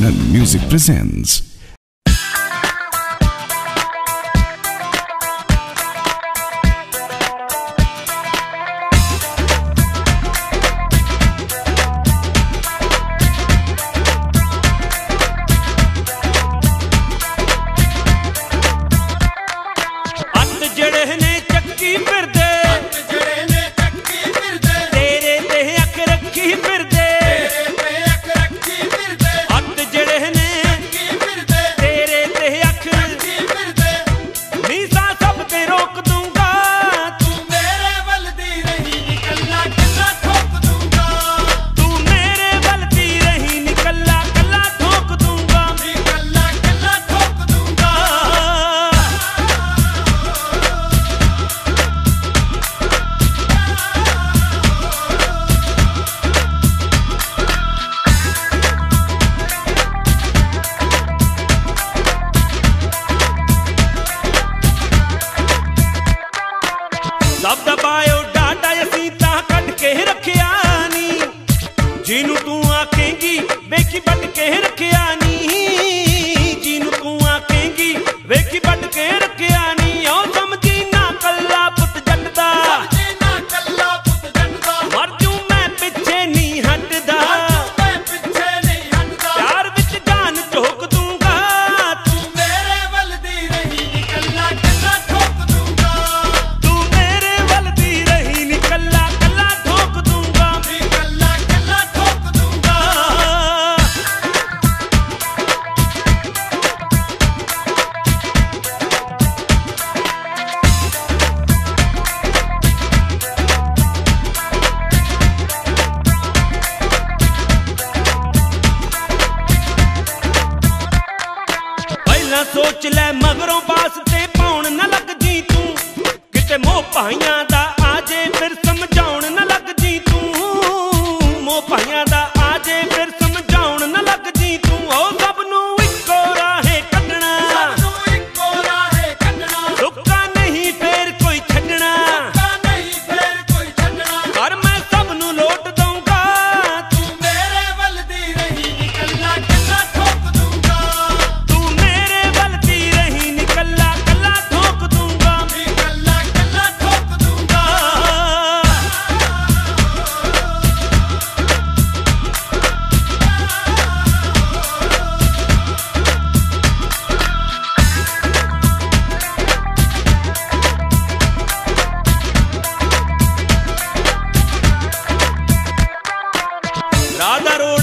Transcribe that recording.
Anand Music presents ਸੋਚ ਲੈ ਮਗਰੋਂ ਬਾਸ ਤੇ ਪਾਉਣ ਨਾ ਲੱਗ ਜੀ ਤੂੰ ਕਿਤੇ ਮੋਹ ਭਾਈਆਂ ਦਾ ਆਜੇ ਫਿਰ ਸਮਝਾ ラダロー